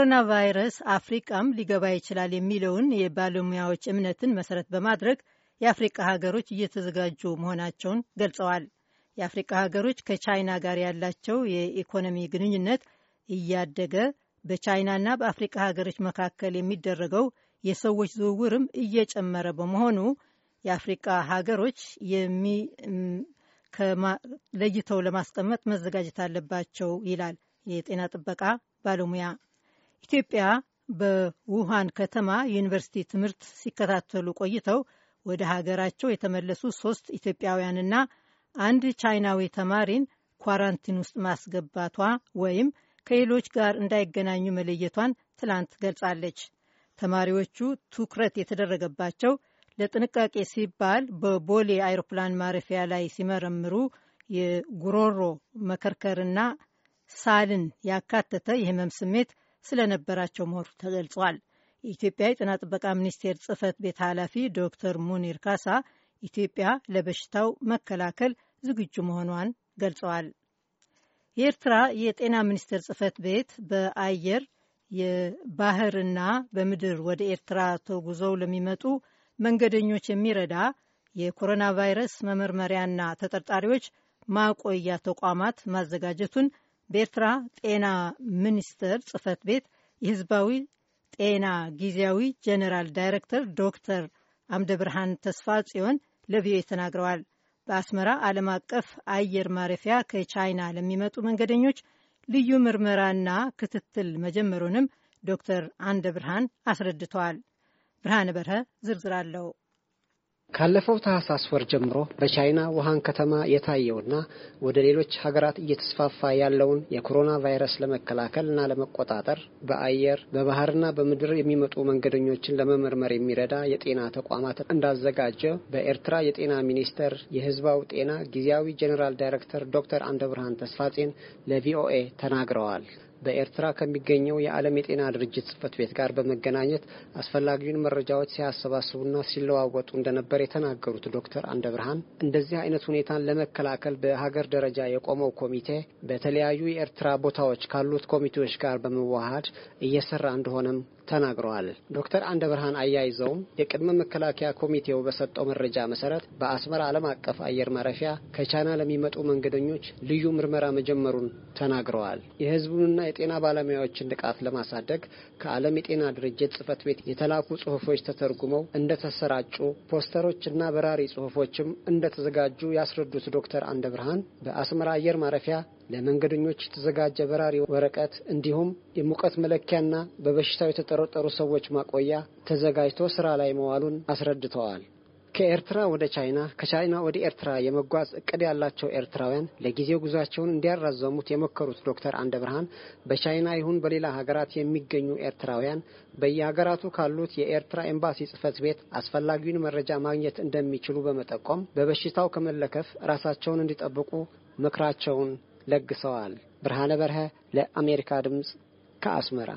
ኮሮና ቫይረስ አፍሪቃም ሊገባ ይችላል የሚለውን የባለሙያዎች እምነትን መሰረት በማድረግ የአፍሪቃ ሀገሮች እየተዘጋጁ መሆናቸውን ገልጸዋል። የአፍሪቃ ሀገሮች ከቻይና ጋር ያላቸው የኢኮኖሚ ግንኙነት እያደገ በቻይናና በአፍሪቃ ሀገሮች መካከል የሚደረገው የሰዎች ዝውውርም እየጨመረ በመሆኑ የአፍሪቃ ሀገሮች ለይተው ለማስቀመጥ መዘጋጀት አለባቸው ይላል የጤና ጥበቃ ባለሙያ ኢትዮጵያ በውሃን ከተማ ዩኒቨርሲቲ ትምህርት ሲከታተሉ ቆይተው ወደ ሀገራቸው የተመለሱ ሶስት ኢትዮጵያውያንና አንድ ቻይናዊ ተማሪን ኳራንቲን ውስጥ ማስገባቷ ወይም ከሌሎች ጋር እንዳይገናኙ መለየቷን ትላንት ገልጻለች። ተማሪዎቹ ትኩረት የተደረገባቸው ለጥንቃቄ ሲባል በቦሌ አይሮፕላን ማረፊያ ላይ ሲመረምሩ የጉሮሮ መከርከርና ሳልን ያካተተ የህመም ስሜት ስለነበራቸው መሆኑ ተገልጿል። የኢትዮጵያ የጤና ጥበቃ ሚኒስቴር ጽህፈት ቤት ኃላፊ ዶክተር ሙኒር ካሳ ኢትዮጵያ ለበሽታው መከላከል ዝግጁ መሆኗን ገልጸዋል። የኤርትራ የጤና ሚኒስቴር ጽህፈት ቤት በአየር የባህርና በምድር ወደ ኤርትራ ተጉዘው ለሚመጡ መንገደኞች የሚረዳ የኮሮና ቫይረስ መመርመሪያና ተጠርጣሪዎች ማቆያ ተቋማት ማዘጋጀቱን በኤርትራ ጤና ሚኒስቴር ጽህፈት ቤት የህዝባዊ ጤና ጊዜያዊ ጀነራል ዳይሬክተር ዶክተር አምደ ብርሃን ተስፋ ጽዮን ለቪኦኤ ተናግረዋል። በአስመራ ዓለም አቀፍ አየር ማረፊያ ከቻይና ለሚመጡ መንገደኞች ልዩ ምርመራና ክትትል መጀመሩንም ዶክተር አምደ ብርሃን አስረድተዋል። ብርሃነ በርሀ ዝርዝር አለው። ካለፈው ታህሳስ ወር ጀምሮ በቻይና ውሃን ከተማ የታየውና ወደ ሌሎች ሀገራት እየተስፋፋ ያለውን የኮሮና ቫይረስ ለመከላከል እና ለመቆጣጠር በአየር በባህርና በምድር የሚመጡ መንገደኞችን ለመመርመር የሚረዳ የጤና ተቋማት እንዳዘጋጀ በኤርትራ የጤና ሚኒስቴር የህዝባው ጤና ጊዜያዊ ጄኔራል ዳይሬክተር ዶክተር አንደብርሃን ብርሃን ተስፋጼን ለቪኦኤ ተናግረዋል። በኤርትራ ከሚገኘው የዓለም የጤና ድርጅት ጽህፈት ቤት ጋር በመገናኘት አስፈላጊውን መረጃዎች ሲያሰባስቡና ሲለዋወጡ እንደነበር የተናገሩት ዶክተር አንደ ብርሃን እንደዚህ አይነት ሁኔታን ለመከላከል በሀገር ደረጃ የቆመው ኮሚቴ በተለያዩ የኤርትራ ቦታዎች ካሉት ኮሚቴዎች ጋር በመዋሃድ እየሰራ እንደሆነም ተናግረዋል። ዶክተር አንደ ብርሃን አያይዘውም የቅድመ መከላከያ ኮሚቴው በሰጠው መረጃ መሰረት በአስመራ ዓለም አቀፍ አየር ማረፊያ ከቻይና ለሚመጡ መንገደኞች ልዩ ምርመራ መጀመሩን ተናግረዋል። የህዝቡንና የጤና ባለሙያዎችን ንቃት ለማሳደግ ከዓለም የጤና ድርጅት ጽህፈት ቤት የተላኩ ጽሁፎች ተተርጉመው እንደተሰራጩ ፖስተሮችና በራሪ ጽሁፎችም እንደተዘጋጁ ያስረዱት ዶክተር አንደ ብርሃን በአስመራ አየር ማረፊያ ለመንገደኞች የተዘጋጀ በራሪ ወረቀት እንዲሁም የሙቀት መለኪያና በበሽታው የተጠረጠሩ ሰዎች ማቆያ ተዘጋጅቶ ስራ ላይ መዋሉን አስረድተዋል። ከኤርትራ ወደ ቻይና ከቻይና ወደ ኤርትራ የመጓዝ እቅድ ያላቸው ኤርትራውያን ለጊዜው ጉዟቸውን እንዲያራዘሙት የመከሩት ዶክተር አንደ ብርሃን በቻይና ይሁን በሌላ ሀገራት የሚገኙ ኤርትራውያን በየሀገራቱ ካሉት የኤርትራ ኤምባሲ ጽህፈት ቤት አስፈላጊውን መረጃ ማግኘት እንደሚችሉ በመጠቆም በበሽታው ከመለከፍ ራሳቸውን እንዲጠብቁ ምክራቸውን ለግሰዋል። ብርሃነ በርሀ ለአሜሪካ ድምፅ ከአስመራ